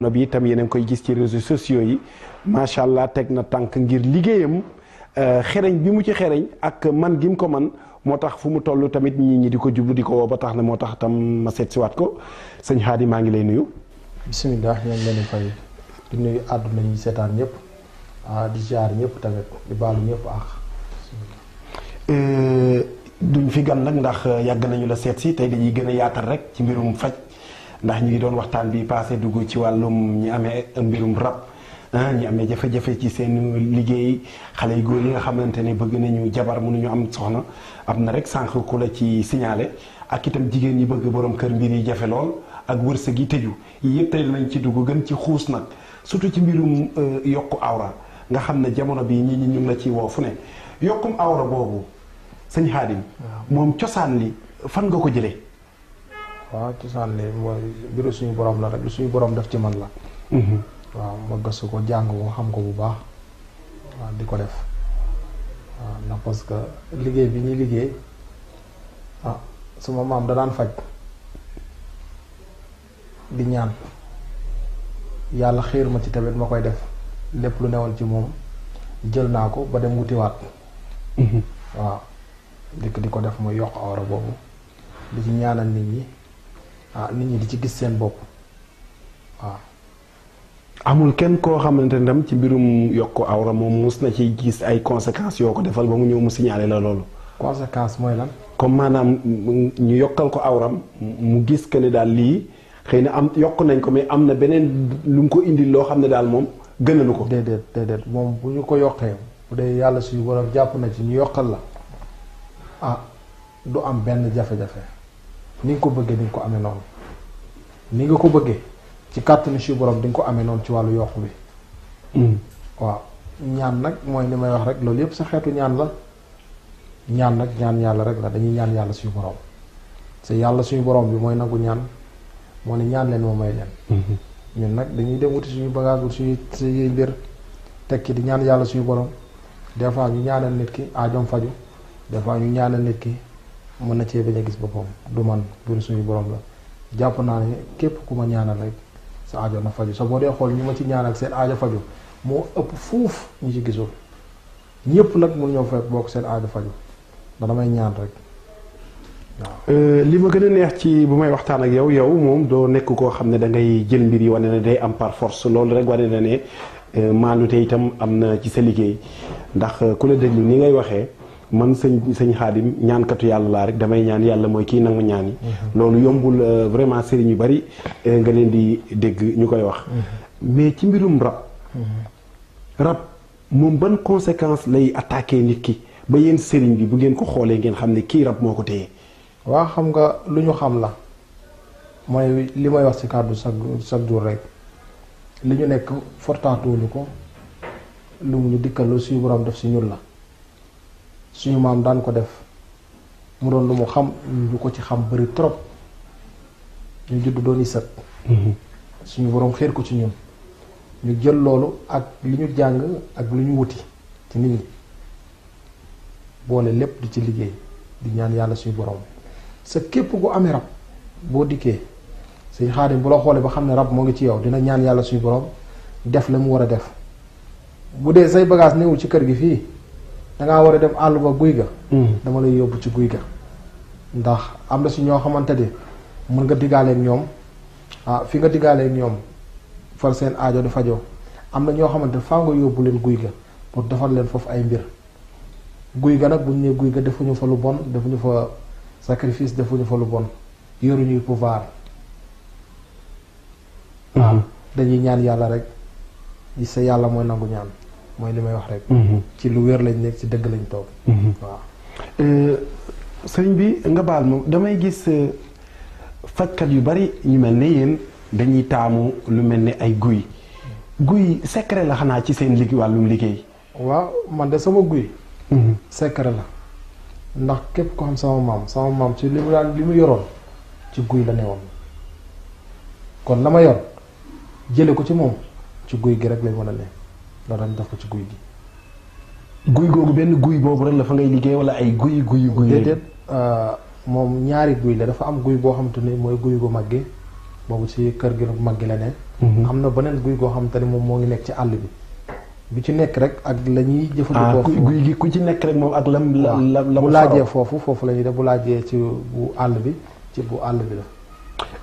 no bi itam yeneen koy gis ci réseaux sociaux yi macha allah teg na tànk ngir liggéeyam euh, xereñ bi mu ci xereñ ak man gi mu ko man moo tax fu mu toll tamit ñii ñi di ko jublu di ko woo ba tax na moo tax tam ma seet siwaat ko sëñ Xaadi maa ngi lay nuyu bisimilah ñoo ngi leen fay di nuyu àdduna ñuy seetaan ñëpp ah di jaar ñëpp tamit di baalu ñëpp ak euh, duñ fi gan nag ndax yàgg nañu la seet si tey dañuy gën a yaatal rek ci mbirum faj ndax ñu ngi doon waxtaan bi passé dugg ci wàllum ñi amee mbirum rab ah, ñi amee jafe-jafe ci seen liggéey xale yu góor yi nga xamante ne bëgg nañu jabar mënuñu am soxna am na rek sànq ku ci siñaale ak itam jigéen ñi bëgg borom kër mbir yi jafe lool ak wërsëg yi tëju yëpp tey nañ ci dugg gën ci xuus nag surtout ci mbirum euh, yokk awra nga xam ne jamono bi ñi ñi ñu la ci woo fu ne yokkum awra boobu sëñ Xaadim moom cosaan li fan nga ko jëlee waaw cosaan li mooy mbiru suñu borom la rek lu suñu borom def ci man la waaw ma gëstu ko jàng ko xam ko bu baax waaw di ko def waaw ndax parce que liggéey bi ñuy liggéey ah suma maam da daan faj di ñaan yàlla xiir ma ci tamit ma koy def lépp lu newoon ci moom jël naa ko ba dem wutiwaat mhm. waaw dikk di ko def ma yokk awra boobu di ci ñaanal nit ñi ah nit ñi di ci gis seen bopp waaw. Ah. amul kenn koo xamante ne tam ci mbirum yokk awra moom mus na ci gis ay conséquences yoo ko defal ba mu ñëw mu signalé la loolu. conséquence mooy lan. comme maanaam ñu yokkal ko awram mu gis que ne daal lii xëy na am yokk nañ ko mais am na beneen lu mu ko indi loo xam ne daal moom gënalu ko. déedéet déedéet moom bu ñu ko yokkee bu dee yàlla suñu borom jàpp na ci ñu yokkal la ah du am benn jafe-jafe. ni nga ko bëggee di nga ko amee noonu ni nga ko bëggee ci kàttanu si borom di ko amee noonu ci wàllu yokk bi. Hmm. waaw ñaan nag mooy li may wax rek loolu yëpp sa xeetu ñaan la ñaan nag ñaan yàlla rek la dañuy ñaan yàlla suy borom te yàlla suy borom bi mooy nangu ñaan moo ne ñaan leen moo may leen. Hmm. ñun nag dañuy dem wuti suñu bagage suñu suñuy mbir tekki di ñaan yàlla suñu borom des fois ñu ñaanal nit ki aajoom faju des fois ñu ñaanal nit ki. mën na cee bañ a gis boppam du man biir suñu borom la jàpp naa ne képp ku ma ñaanal rek sa aajo na faju so boo dee xool ñu ma ci ñaanal seen aajo faju moo ëpp fuuf ñi ci gisul ñëpp nag mun ñoo fekk bokk seen aajo faju dana may ñaan rek waaw. Euh, li ma gën a neex ci bu may waxtaan ak yow yow moom doo nekk koo xam ne dangay ngay jël mbir yi wane ne day am par force loolu rek wane na ne euh, maandu te itam am na ci sa liggéey ndax euh, ku la déglu ni ngay waxee. man señ sëñ ñaan katu yalla la rek damay ñaan yalla moy ki nang ñaan yi lolu yombul euh, vraiment serigne bari euh, nga len di deg ñukoy wax mais ci mbirum rap rap mom ban conséquence lay attaquer nit ki ba yeen serigne bi bu ngeen ko xolé ngeen xam ki rap moko teye wa xam nga luñu xam la moy limay wax ci kàddu chaque jour rek liñu nek nekk lu mu dikkal lu suñu borom def ci ñun la suñu maam daan ko def mu doon lu mu xam ñu ko ci xam bari trop ñu judd doon yi sët mhm. suñu boroom xéer ko ci ñun ñu jël loolu ak lu ñu jàng ak lu ñu wuti ci nit ñi boole lépp di ci liggéey di ñaan yàlla suñu boroom sa képp ku amee rab boo dikkee suñu xaadim bu la xoolee ba xam ne rab moo ngi ci yow dina ñaan yàlla suñu borom def la mu war a def bu dee say bagage néewul ci kër gi fii da nga wara a dem àll ba guy ga. Hmm. dama lay yobbu ci guy ndax am na ci ño mën nga ak ñom ah fi nga ak ñom far seen aajo du fajo am na ño xamante fa nga yobbu len guy pour defal len fofu ay mbir. guy nak nag ne ñu defuñu fa lu bon defuñu fa sacrifice defuñu fa lu bon ñuy pouvoir. Hmm. Ah, dañuy ñaan yalla rek sa yalla moy nangu ñaan. mooy li may wax rek. Mhm. ci lu wér lañ nekk ci dëgg lañ toog. Mhm. waaw euh, bi nga baal moom damay gis euh, fajkat yu bari ñu mel ne yéen dañuy taamu lu mel ni ay guy. guy secret la xanaa ci seen liggéey wàllum liggéey. waaw man de sama guy. Mhm. secret la ndax képp ko xam sama maam sama maam ci li mu daan li mu yoroon ci guy la newoon kon la ma yor jële ko ci moom ci guy gi rek lañ mën a ne. da doon def ko ci guy gi. guy googu benn guy boobu rek la fa ngay liggéey wala ay guy guy guy. déedéet euh, moom ñaari guy la dafa am guy boo xamante ni mooy guy gu mag gi boobu ci kër gi mag gi la ne. Mhm. am na beneen guy goo xamante ni moom moo ngi nekk ci àll bi. bi ci nekk rek ak la ñuy jëfandikoo ah, guy gi ku ci nekk rek moom ak lam la la la bu laajee foofu foofu la ñuy def bu laajee ci bu àll bi ci bu àll bi la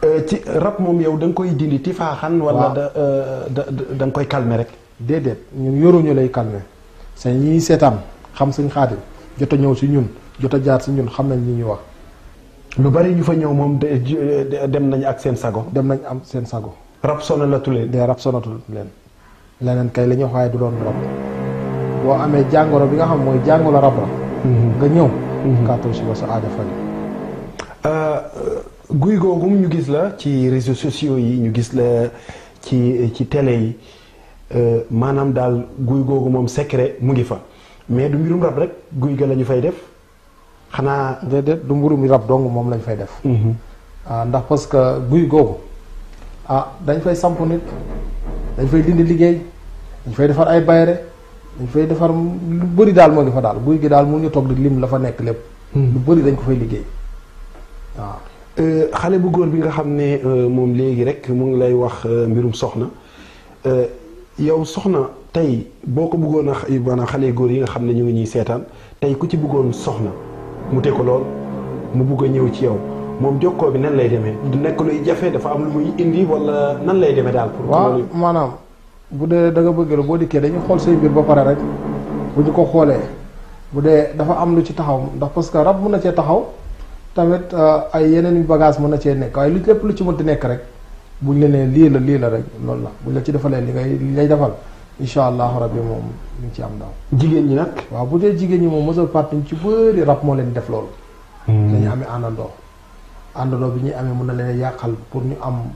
euh, ci rab moom yow da nga koy dindi tifaaxan wala euh, da da da nga koy calmer rek déedéet ñun yoruñu lay calmer sa ñiy seetaan xam sëñ xaadim jot a ñëw si ñun jot a jaar si ñun xam nañ ñu ñuy wax. lu bari ñu fa ñëw moom dem nañ ak seen sago. dem nañ am seen sago. rab sonalatu leen. leen. leneen kay lañuy ñu waaye du doon rab boo amee jàngoro bi nga xam mooy jàngoro rab la. Mm-hmm. nga ñëw. kàttan si ba sa aada faj. Euh, guy googu ñu gis la ci réseaux sociaux yi ñu gis la ci ci télé yi. Euh, maanaam daal guy googu moom secret mu ngi fa mais du mbirum rab rek guy gi la ñu fay def xanaa. déedéet du mbirum rab dong moom lañ fay def. Mhm. Ah, ndax parce que guy googu ah dañ fay samp nit dañ fay dindi liggéey dañ fay defar ay bayre dañ fay defar lu bëri daal moo ngi fa daal guy gi daal mu ngi toog di lim la fa nekk lépp. Mhm. lu bari dañ ko fay liggéey euh, xale bu góor bi nga xam ne euh, moom léegi rek mu ngi lay wax mbirum soxna. yow soxna tey boo ko buggoon a maanaam xale góor yi nga xam ne ñu ngi ñuy seetaan tey ku ci buggoon soxna mu te ko lool mu bugg a ñëw ci yow moom jokkoo bi nan lay demee. du nekk luy jafe dafa am lu muy indi wala nan lay demee daal. pour waaw maanaam bu dee da nga bëgg la boo dikkee dañuy xool say biir ba pare rek bu ñu ko xoolee bu dee dafa am lu ci taxaw ndax parce que rab mun na cee taxaw tamit euh, ay yeneen bagage mën na cee nekk waaye lu lépp lu ci mun mënti nekk rek. bu ñu nee lii la lii la rek loolu la buñ la ci defalee li ngay li lay defal incha allahu rabbi moom ñu ci am ndaw. jigéen ñi nag. waaw bu dee jigéen ñi moom mosal parti ci bëri rab moo leen def loolu. Hmm. dañu amee àndandoo. àndandoo bi ñuy amee mun na leen yàqal pour ñu am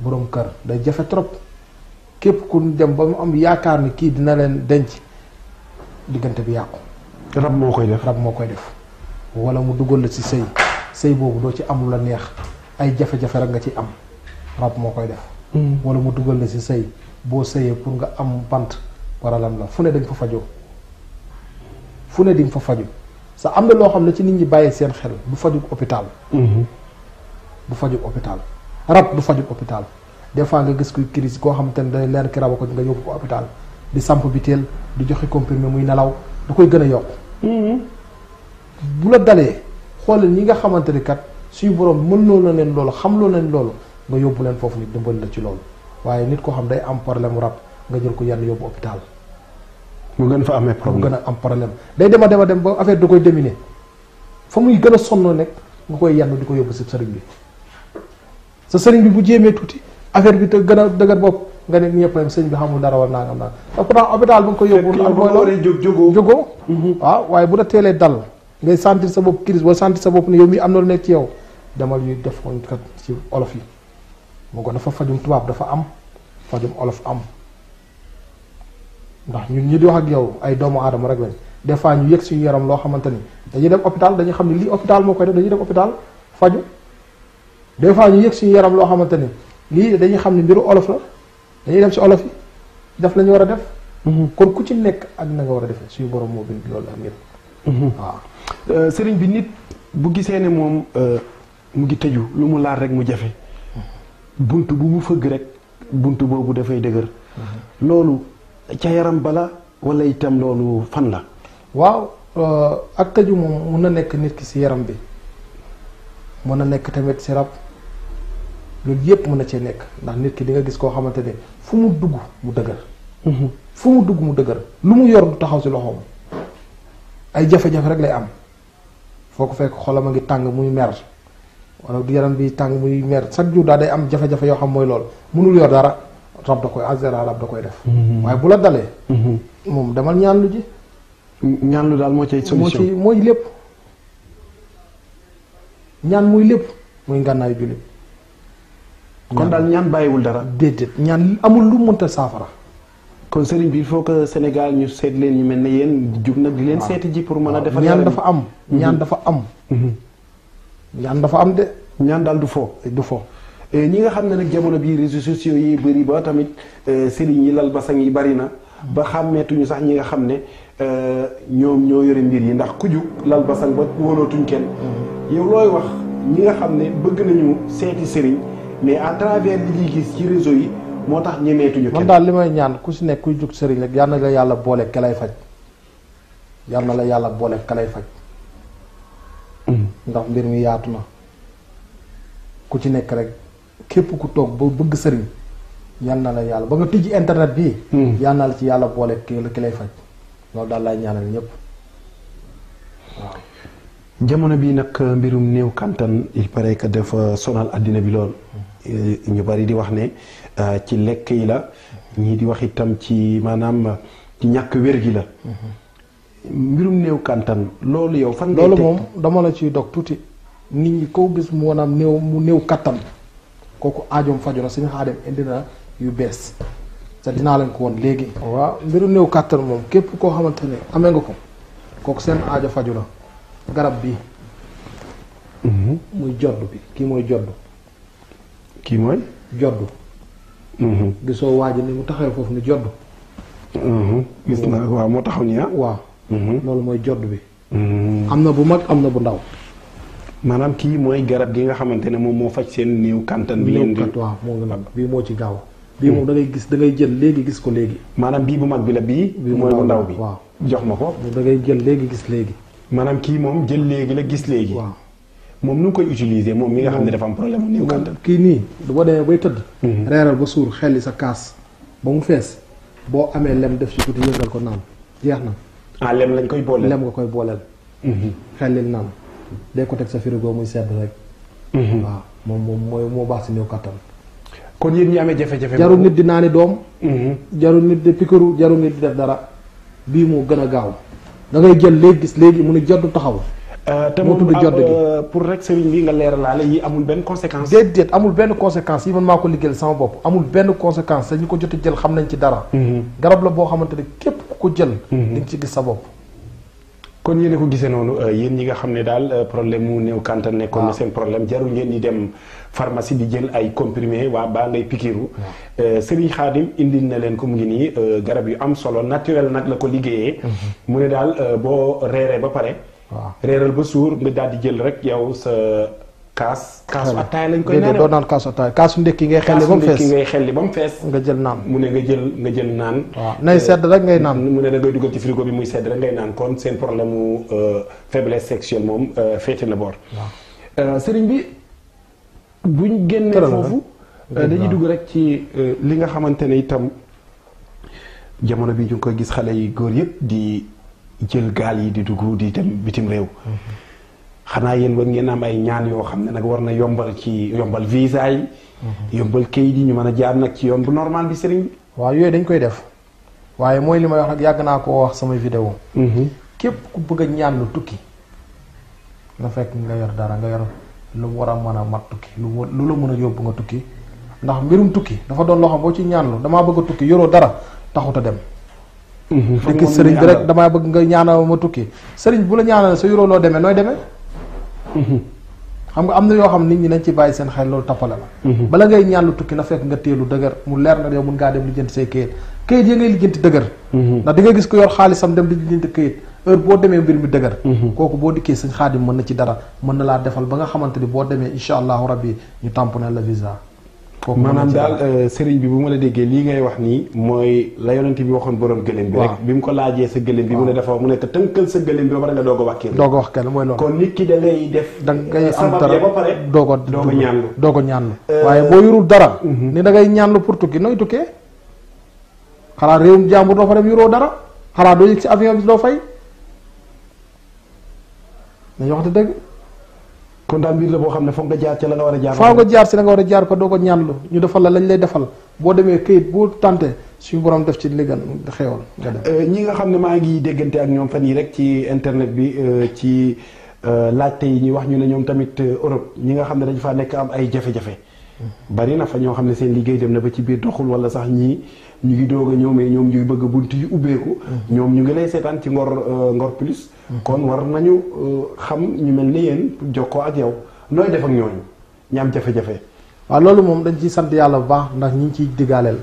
borom kër day jafe trop képp ku dem ba mu am yaakaar ni kii dina leen denc diggante bi yàqu. rab moo koy def rab moo koy def. wala mu dugal la ci sëy sëy boobu doo ci amul lu la neex ay jafe-jafe rek nga ci am. rab moo koy def hmm. wala mu dugal la si sëy boo sëyee pour nga am bant waralam la fu ne dañ fa fajoo fu ne di nga fa faju sa am na loo xam ne ci nit ñi bàyyi seen xel du fajug hôpital hmm. du fajug hôpital rab du fajug hôpital des fois nga gis kuy crise koo xam te ne day leer ki raba ko nga yóbbu ko hôpital di samp biteel di joxe comprimé muy nelaw du koy gën a yokk hmm. bu la dalee xoolal ñi nga xamante ni kat suñu borom mën loo na leen loolu xam loo leen loolu nga yóbbu leen foofu nit dimbali la ci loolu waaye nit koo xam day am problème rab nga jël ko yenn yóbbu hôpital. mu gën fa amee problème mu gën a am problème day dema dema dem ba affaire da koy dominer fa muy gën a sonn nekk nga koy yenn di ko yóbbu si sëriñ bi sa sëriñ bi bu jéemee tuuti affaire bi te gën a dëgër nga ne ñëpp a sëñ bi xamul dara wala nangam naan te pourtant hôpital bu nga ko yóbbu. mooy loolu jógoo mm-hmm. waaw waaye bu la teelee dal ngay sentir sa bopp crise wala sentir sa bopp ne yow mii am na lu nekk ci yow demal yuy def kat ci olof yi. moo ko dafa fajum tubaab dafa am fajum olof am ndax ñun ñi di wax ak yow ay doomu adama rek lañ des fois ñu yëg suñu yaram loo xamante ni dañuy dem hôpital dañuy xam ne lii hôpital moo koy def dañuy dem hôpital des fois yëg suñu yaram loo xamante ni lii dañuy xam ne mbiru olof la dañuy dem si olof yi def lañu war a def. Mhm. kon ku ci nekk ak na nga war a defee suñu borom moo bind loolu am mhm. yëpp. waaw euh, sëriñ bi nit bu gisee ne moom euh, mu ngi tëju lu mu laal rek mu jafe. bunt bu mu fëgg rek bunt boobu dafay dëgër mhm. loolu ca yaram bala wala itam loolu fan la waaw euh, ak tëju moom mun na nekk nit ki si yaram bi mën na nekk tamit si rab loolu yépp mën na cee nekk ndax nit ki di nga gis koo xamante ne fu mu dugg mu dëgër mhm. fu mu dugg mu dëgër lu mu yor du taxaw si loxoom ay jafe-jafe rek lay am foo ko fekk xolam a ngi tàng muy mer wala yaram bi tàng muy mer chaque jour daal day am jafe-jafe yoo xam mooy loolu mënul yor dara rab da koy en général rab da koy def. Mm-hmm. waaye bu la dalee. Mm-hmm. moom demal ñaan lu ji. ñaan lu daal moo cay su moo ci mooy lépp. ñaan muy lépp muy ngànnaayu jullit. kon daal ñaan bàyyiwul dara. déedéet ñaan amul lu mënta saafara. kon sëriñ bi foo faut que Sénégal ñu seet leen ñu mel ne yéen jug nag di leen seeti ji pour mën a. defar ñaan dafa am. ñaan mm-hmm. dafa am. ñaan dafa am de. ñaan daal du fo du fo eh, ñi nga xam ne nag jamono bii réseaux sociaux yi bëri ba tamit eh, sëriñ yi lal basang yi bari na. ba xàmmeetuñu sax ñi nga xam ne eh, ñoom ñoo yore mbir yi ndax ku jug lal basang ba wóolootuñ kenn. Mm-hmm. yow looy wax ñi nga xam ne bëgg nañu seeti sëriñ mais à travers li ñuy gis ci réseau yi moo tax ñemeetuñu kenn. man daal li may ñaan ku si nekk ku jug sëriñ rek yal na la yàlla boole kalay faj yal na la yàlla boole kalay faj. ndax mbir mi yaatu na ku ci nekk rek képp ku toog ba bëgg sëriñ na la ba nga tijji internet bi hmm. yal na la ci yàlla boole ki ki lay faj loolu daal lay ñaanal ñëpp jamono bi nag uh, mbirum néew kantan il paraît que dafa sonal àddina bi lool eh, ñu bari di wax ne uh, ci lekk yi la ñii di wax itam ci maanaam ci ñàkk wér gi la mm-hmm. mbirum néew kàntan loolu yow fan. loolu moom dama la ciy dog tuuti nit ñi kow gis mu néew mu néew kàttan kooku aajoom faju na suñu xaadem indi na yu bees te dinaa leen ko woon léegi. waaw mbirum néew kàttan moom képp koo xamante ne amee nga ko kooku seen aajo faju na garab bi mhm. muy jodd bi kii mooy jodd kii mooy jodd mhm. gisoo waaj ni mu taxawee foofu ni jodd mhm. gis na waaw moo taxaw nii ah? waaw Mm-hmm. loolu mooy jodd bi. Mm-hmm. am na bu mag am na bu ndaw. maanaam kii mooy garab gi nga xamante ne moom moo faj seen néew kantan. bi ngeen di néew kat waaw moom la bii moo ci gaaw. Mm-hmm. bii moom da ngay gis da jël léegi gis ko léegi. maanaam bii bu mag bi la bii. bii mooy bu ndaw bi waaw. jox ma ko. da ngay jël léegi gis léegi. maanaam kii moom jël léegi la gis léegi. waaw moom nu ngi koy utiliser moom mi nga xam ne dafa am problème mu néew kantan. kii nii boo demee bay tëdd. reeral ba suur xelli sa kaas ba mu fees boo amee lem def ci tuuti yëngal ko naan jeex na. ah lem lañ koy booleel lem nga koy booleel. Mhm. xelil naan day ko teg sa frigo muy sedd rek. Mhm. waaw moom moom mooy moo baax si néew kattan. kon yéen ñi amee jafe-jafe. jarul nit di naani doom. Mhm. jarul nit di pikiru jarul nit di def dara bii moo gën a gaaw da ngay jël léegi gis léegi mun a jot taxaw. Euh, te moo tudd jot euh, gi pour rek sëriñ bi nga leeralaale yi amul benn conséquence. déedéet amul benn conséquence yi man maa ko liggéeyal sama bopp amul benn conséquence dañu ko jot jël xam nañ ci dara. garab la boo xamante ne képp ku jël. Mhm. di nga ci gis sa bopp. kon yéen ko gisee noonu euh, yéen ñi nga xam ne daal euh, problème mu néew kàntan nekkoon na ah. seen problème jarul ngeen di dem pharmacie di jël ay comprimé waa baa ngay pikiru ah. euh, Serigne Khadim indi na leen ko mu ngi nii garab yu am solo naturel nag la ko liggéeyee. Mhm. mu ne daal boo reeree ba pare. Ah. reeral ba suur nga jël rek yow sa kaas kaasu attaay lañ koy naanee doo naan kaasu attaay kaasu ndekki ngay xelli ba mu fees ngay xelli ba mu fees nga jël naan mu ne nga jël nga jël naan waaw nay sedd rek ngay naan mu ne da ngay dugal ci frigo bi muy sedd rek ngay naan kon seen problème mu euh, faiblesse sexuelle moom euh, féete na boor euh, sëriñ bi buñ génnee foofu dañuy dugg rek ci li nga xamante ne itam jamono bi ñu ngi koy gis xale yi góor yëpp di jël gaal yi di dugg di dem bitim réew mhm. xanaa yéen war ngeen am ay ñaan yoo xam ne nag war na yombal ci yombal visa yi. Mhm. yombal kayit yi ñu mën a jaar nag ci yoon bu normal bi sëriñ bi. waaw yooyu dañ koy def waaye mooy li may wax nag yàgg naa koo wax samay vidéo mhm. képp ku bëgg a ñaan lu tukki nga nga yor dara nga yor lu war a mën a mat tukki lu lu la mën a yóbbu nga tukki ndax mbirum tukki dafa doon loo xam boo ci lu damaa bëgg a tukki yoroo dara taxut a dem. Mhm. sëriñ damaa bëgg nga ñaanal ma tukki sëriñ bu la ñaanal sa yoroo loo demee nooy demee. Mhm. xam nga am na yoo xam nit ñi nañ ci bàyyi seen xel loolu tappale la mhm. bala ngay ñaan lu tukki na fekk nga téelu dëgër mu leer na yow mun ngaa dem lijjanti say këyit këyit yi ngay lijjanti dëgër mhm. ndax di gis ko yor xaalisam dem di lijjanti këyit heure boo demee mbir mi dëgër kooku boo dikkee sëñ xaadim mën na ci dara mën na laa defal ba nga xamante ni boo demee incha allahu rabbi ñu tamponné la visa maanaam daal euh, sëriñ bi bu ma la déggee lii ngay wax nii mooy la yonent bi waxoon borom gëléem bi rek bi mu ko laajee sa gëléem bi mu ne dafa mu ne te tënkal sa gëléem bi ba pare nga doog a wàkkir doog a wax kenn mooy loolu kon nit ki da ngay def da ngay euh, am dara ba pare doog a doog a ñaanlu doog euh, waaye boo yorul dara mhm. ni da ngay ñaanlu pour tukki nooy tukkee xanaa réewum jàmbur doo fa dem yoroo dara xanaa doo yëg si avion bi doo fay nañu wax dëgg kon daal mbir la boo xam ne foog nga jaar ci la nga war a jaar. faaw nga jaar ci la nga war a jaar ko doo ko ñaanlu ñu defal la lañ lay defal boo demee këyit bu tànte suñu boroom def ci liggan xewal nga dem. Euh, ñi nga xam ne maa ngi déggante ak ñoom fan yi rek ci internet bi euh, ci euh, laajte yi ñuy wax ñu ne ñoom tamit Europe ñi nga xam ne dañ faa nekk am ay jafe-jafe. Mm-hmm. bari na fa ñoo xam ne seen liggéey dem na ba ci biir doxul wala sax ñii. ñu ngi doga ñew mais ñom ñu bëgg bunt yi ko ñom ñu ngi lay sétane ci ngor euh, ngor plus mm-hmm. kon war nañu euh, xam ñu melni yeen joko ak yow noy def ak ñoñu ñam jafé jafé wa lolu mom dañ ci sante yalla ba ndax ñi mm-hmm. ci digalel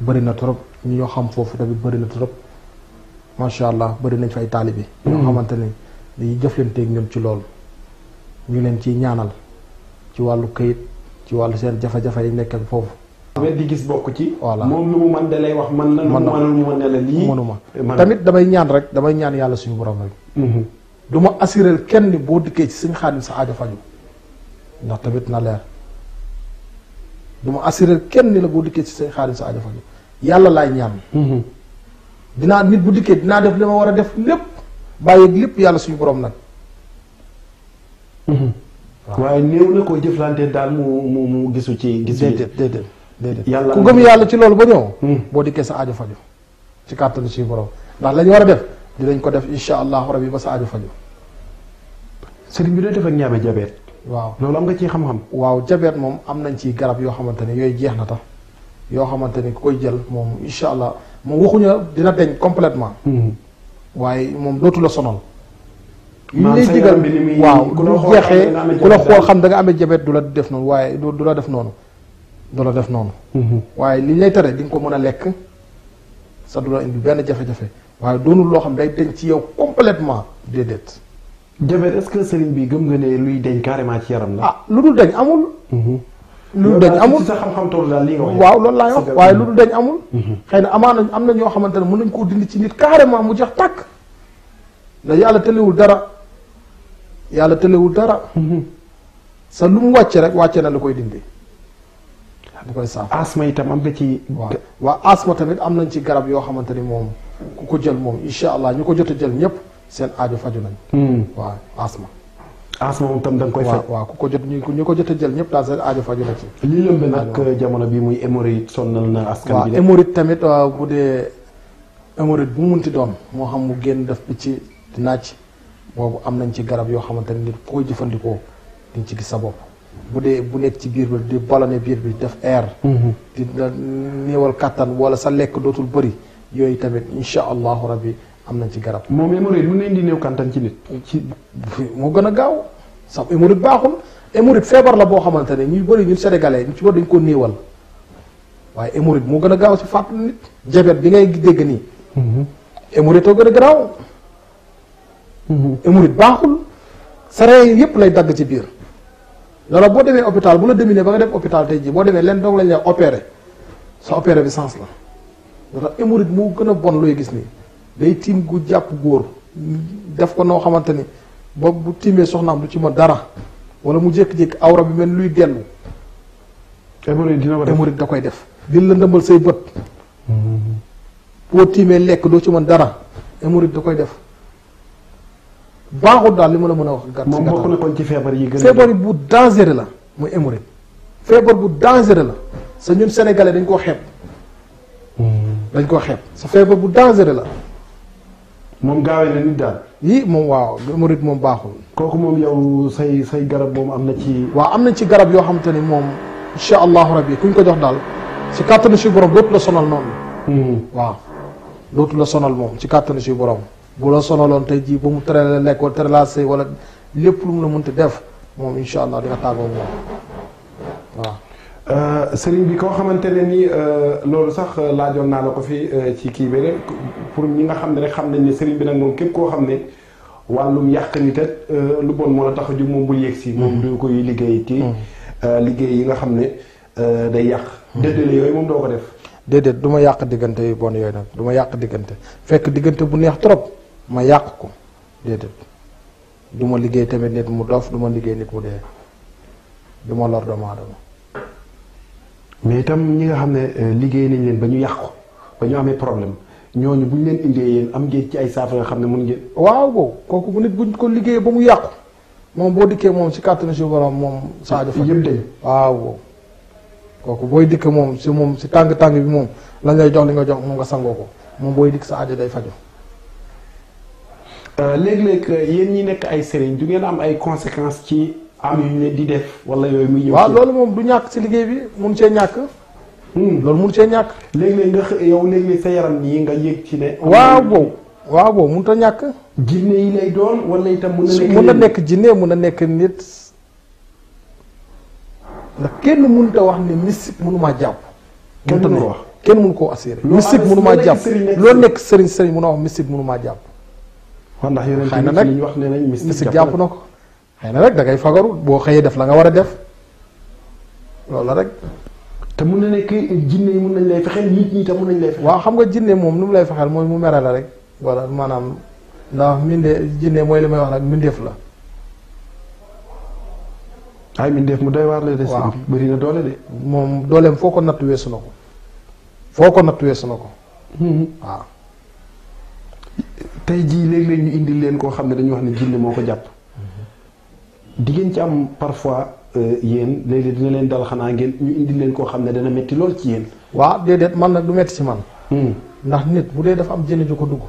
bari na torop ñu yo xam fofu tamit bari na torop ma sha allah bari nañ fay taalibi ñu xamanteni di jëflenté ak ñom ci lool ñu leen ci ñaanal ci walu këyit ci walu seen jafé jafé yi nekk fofu wet di gis bokk ci. voilà moom lu mu mën da lay wax man la. man la lu mu mën ne la lii. mënuma eh, tamit damay ñaan rek damay ñaan yàlla suñu borom rek. Mhm. du ma assuré kenn ni boo dikkee ci suñu xaadim sa aajo faju ndax tamit na leer du ma assuré kenn ni la boo dikkee ci suñu xaadim sa aajo faju yàlla laay ñaan. Mhm. dinaa nit bu dikkee dinaa def li ma war a def lépp bàyyi lépp yàlla suñu borom nag. Mhm. waaye néew na koo jëflante daal mu mu mu gisu ci. gisu déedéet déedéet. déedéet ku gëm yàlla ci loolu ba ñëw. Hmm. boo dikkee sa ajo fajo ci kàttanu si borom ndax la ñu war a def dinañ ko def incha allahu yi ba sa aajo faju sëriñ bi doy def ak ñaame jabeet. waaw loolu am nga ci xam-xam. waaw jabeet moom am nañ ci garab yoo xamante ne yooyu jeex na tax yoo xamante ni ku koy jël moom incha allah moom waxuñu dina deñ completement hmm. waaye moom dootu la sonal. li lay digal waaw ku la jeexee ku la xool xam da nga amee jabeet du la def noonu waaye du la def noonu. du la def noonu. Mhm. waaye li lay tere di nga ko mën a lekk sa du la indi benn jafe-jafe waaye doonu loo xam day denc ci yow complètement déedéet. Jabet est-ce que sëriñ bi gëm nga ne luy deñ carrément ci yaram la. ah lu dul deñ amul. Mhm. lu dul dañ amul sa xam tool daal li waaw loolu laay waaye lu dañ amul. Mhm. xëy na amaana am na ñoo xamante ne mën nañ koo dindi ci nit carrément mu jeex tàkk. ndax yàlla tëlewul dara yàlla tëlewul dara. sa lu mu wàcce rek wàcce na lu koy dindi. da koy saafara asma itam am nga ci. waaw asma tamit am nañ ci garab yoo xamante ni moom ku ko jël moom incha allah ñu ko jot a jël ñëpp seen ajo faju nañ. Hmm. waaw asma. asma tam da nga koy waaw ku ko jot ñu ñu ko jot a jël ñëpp daal seen aajo faju na ci. li lëmbe nag jamono bi muy hémorroïde sonnal na askan bi waaw tamit euh, bu dee hémorroïde bu mu munti doon moo xam mu génn def bi ci naaj boobu am nañ ci garab yoo xamante ni nit ku koy jëfandikoo di ci gis sa bopp. bu dee bu nekk ci biir bi di ballonné biir bi def air. Mhm. di la néewal kàttan wala sa lekk dootul bëri yooyu tamit incha allahu rabbi am nañ ci garab. moom hémorroïde mën na indi néew kàttan ci nit. moo gën a gaaw sax hémorroïde baaxul hémorroïde feebar la boo xamante ne ñu bëri ñun sénégalais ñu ci bëri dañ ko néewal waaye hémorroïde moo gën a gaaw si fàttali nit. bi ngay dégg nii. Mhm. hémorroïde too gën a garaaw. Mhm. baaxul. saree yëpp lay dagg ci biir. loolu boo demee hôpital bu la demee ba nga dem hôpital tey jii boo demee leen doog lañ lay opéré sa opéré bi sens la loo tax hémorroïde moo gën a bon looy gis nii day tiim gu jàpp góor def ko noo xamante ni ba bu tiimee soxnaam du ci ma dara wala mu jékki-jékki awra bi mel luy dellu. hémorroïde dina ko def hémorroïde da koy def. di la ndëmbal say bët. Mm-hmm. boo tiimee lekk doo ci mën dara hémorroïde da koy def. baaxul daal li ma la mën a wax. gàtt moom bokk na kon ci feebar yi gën a feebar bu dangereux la muy hémorroïde feebar bu dangereux la sa ñun sénégalais dañ koo xeeb. dañ koo xeeb sa feebar bu dangereux la. moom gaawee na nit daal. yii moom waaw hémorroïde moom baaxul. kooku moom yow say say garab moom am na ci. waaw am na ci garab yoo xam ni moom incha allahu rabi kuñ ko jox daal si kàttanu si borom dootu la sonal noonu. waaw dootu la sonal moom ci kàttanu si borom. bu la sonaloon tey jii ba mu tere lekk wala tere la sëy wala lépp lu mu la te def moom incha allah di nga tàggoo moom waaw. Euh, sëriñ bi koo xamante ne ni euh, loolu sax euh, laajoon naa la ko fi ci kii bi rek pour ñi nga xam ne rek xam nañ ne sëriñ bi nag moom képp koo xam ne wàllum yàq nit ak lu bon moo la tax a jóg moom bu yéeg si. Mm-hmm. moom du ko liggéey ci mm-hmm. liggéey yi nga xam ne day yàq. Mm-hmm. déedéet yooyu moom doo ko def. déedéet du ma yàq diggante yu bon yooyu nag du ma yàq diggante fekk diggante bu neex trop. ma yàq ko déedéet du ma liggéey tamit nit mu dof du ma liggéey nit mu dee du ma lor doomu aadama mais itam ñi nga xam ne euh, liggéey nañ leen ba ñu yàq ko ba ñu amee problème ñooñu bu ñu leen indee yéen am ngeen ci ay saafara nga xam ne mun ngeen. waaw boobu kooku bu nit buñ ko liggéey ba mu yàq moom boo dikkee moom si kàttanu si borom moom. Sadio Fatou yëpp dañ waaw boobu. kooku booy dikk moom si moom si tàng tàng bi moom la ngay jox li nga jox moom nga sangoo moom booy dikk sa aajo day fajo Euh, léeg-léeg euh, yéen ñi nekk ay sëriñ du ngeen am ay conséquences ci am yu ñu di def wala yooyu muy ñëw waaw moom du ñàkk si liggéey bi mun cee ñàkk hmm. loolu mun cee ñàkk léeg-léeg nga xë yaram nii nga yëg ci ne waaw boobu waaw mun ta ñàkk jinne yi lay doon itam mun na nekk jinne mun na nekk nit ndax kenn mënut a wax ne mënumaa jàpp. kenn mënut a wax kenn mënut koo assuré. mystique mënumaa jàpp loo nekk sëriñ sëriñ mënoo wax mystique mënumaa jàpp. waaw ndax yeneen nag wax ne nañ mystique jàpp na ko xay na nag da ngay fagaru boo xëyee def la nga war a def loolu la rek. te mun na nekk jinne yi mun nañ lay fexeel nit ñi te mun nañ lay fexeel. waaw xam nga moom nu mu lay fexeel mooy mu mere la rek wala maanaam ndax mindee jinne mooy li may wax nag mindeef la. ay mindeef mu doy waar lay de. waaw bëri na doole de. moom dooleem foo ko natt weesu na ko. foo ko natt weesu na ko. Hmm. waaw. tey jii léegi léeg ñu indi leen koo xam ne dañuy wax ne jinne moo ko jàpp di ngeen ci am parfois euh, yéen léegi dina leen dal xanaa ngeen ñu indi leen koo xam ne dana metti lool ci waa waaw déedéet man nag du metti ci man. Hmm. ndax nit bu dee dafa am jënn ju ko dugg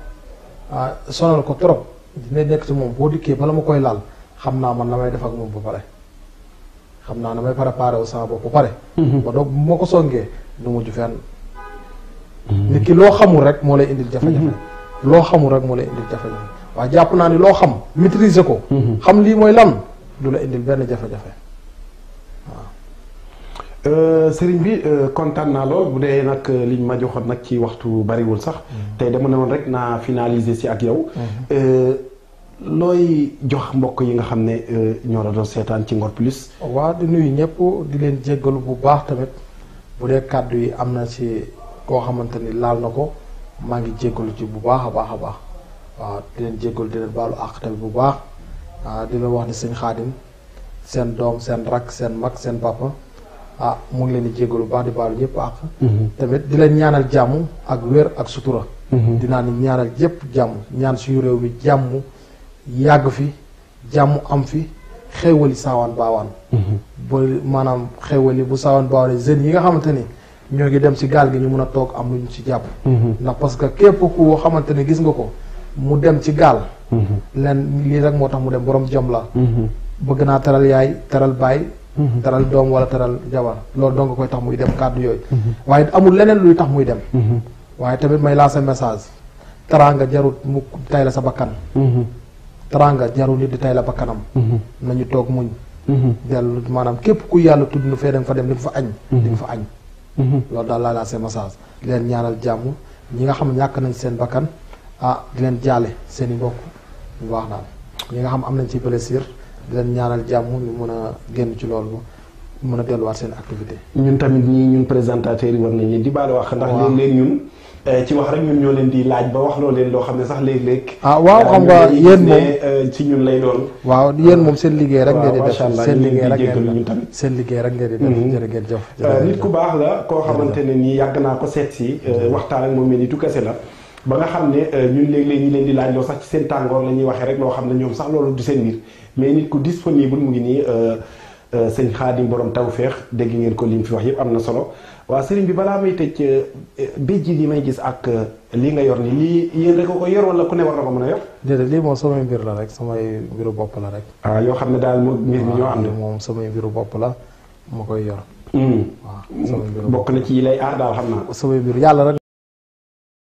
ah sonal ko trop dina nekk ci moom boo dikkee bala ma koy laal xam naa man na may def ak moom bu pare xam naa damay préparé wu sama bopp bu pare. Hmm. ba doog bu ma ko songee du ju fenn. Hmm. nit loo xamul rek moo lay indil jafe-jafe. lo xamu rek mo lay indi jafe jafé wa japp na ni lo xam maîtriser ko. Mhm. xam li moy lan du la indil benn jafe-jafe waaw. Euh, sëriñ bi euh, kontaan na lool bu dee nag euh, liñ ma joxoon nak ci waxtu wul sax. Mhm. tay dama néwon rek na finaliser ci ak yow. Mhm. loy jox mbokk yi nga xamné ñoo la do sétane ci Ngor Plus. wa di nuyu ñepp di leen jéggalu bu baax tamit bu yi amna ci ko xamanteni laal Mangi ngi jéggalu ci bu baax a baax a baax waaw di leen jéggalu di leen baalu àq bu baax di leen wax ni sëñ xaadim seen doom seen rak seen mak seen papa ah mu ngi leen di jéggalu bu baax di baalu ñëpp àq mm-hmm. tamit di leen ñaanal jàmm ak wér ak sutura mm-hmm. dinaa ni ñaanal yépp jàmm ñaan suñu réew mi jàmm yàgg fi jàmm am fi xéewali saawaan baawaan mm-hmm. maanaam bu saawaan baawaan jeunes yi nga xamante ñoo ngi dem si gaal gi ñu mun a toog am lu ñu ci jàpp. Mhm. ndax parce que képp ku xamante gis nga ko mu dem ci gaal. Mhm. leen lii rek moo tax mu dem borom jom la. Mhm. bëgg naa teral yaay teral baay. teral doom wala teral jabar loolu dong nga koy tax muy dem kàddu yooyu. waaye amul leneen lu tax muy dem. waaye tamit may lancer message. teraanga jarut mu tay la sa bakkan. teraanga jarut nit di tay la bakkanam. nañu toog muñ. dellu maanaam képp ku yàlla tudd nu fee da nga fa dem di nga fa añ. di Mm-hmm. loolu daal laa lancé message di leen ñaanal jàmm ñi nga xam ñàkk nañ seen bakkan ah di leen jaale seen i mbokk bu baax daal ñi nga xam am nañ ci blessure di leen ñaanal jàmm ñu mën a génn ci loolu mun a delluwaat seen activité ñun tamit ñii ñun présentateurs yi war nañ leen di baal wax ndax léeg-léeg ñun Euh, ci wax rek ñun ñoo leen di laaj ba wax loo leen loo xam ne sax léeg-léeg. ah waaw euh, xam nga yéen moom euh, ci ñun lay doon. waaw yéen moom seen liggéey rek. nga di def seen liggéey rek ngeen di tamit seen liggéey rek ngeen def jërëjëf. nit ku baax la koo xamante ne nii yàgg naa ko seet si waxtaan ak moom mel ni du kese la. ba nga xam ne ñun léeg-léeg leen di laaj loo sax ci tàngoor la ñuy waxee rek loo xam ne ñoom sax du seen mbir mais nit ku disponible mu ngi nii sëñ Xaadim borom tawféex dégg ngeen ko li mu fi wax yëpp am na solo waaw sëriñ bi balaa may tëj eh, béjji yi may gis ak eh, lii nga yor ni lii yéen rek ko yor wala ku ne war na ko mën a yor. déedéet lii moom samay mbir la rek samay mbiru bopp la rek. ah yoo xam ne daal moom mbir mi ñoo moom samay mbiru bopp la ma koy yor. Hmm. bokk na ci lay aar daal xam naa. samay mbiru yàlla rek.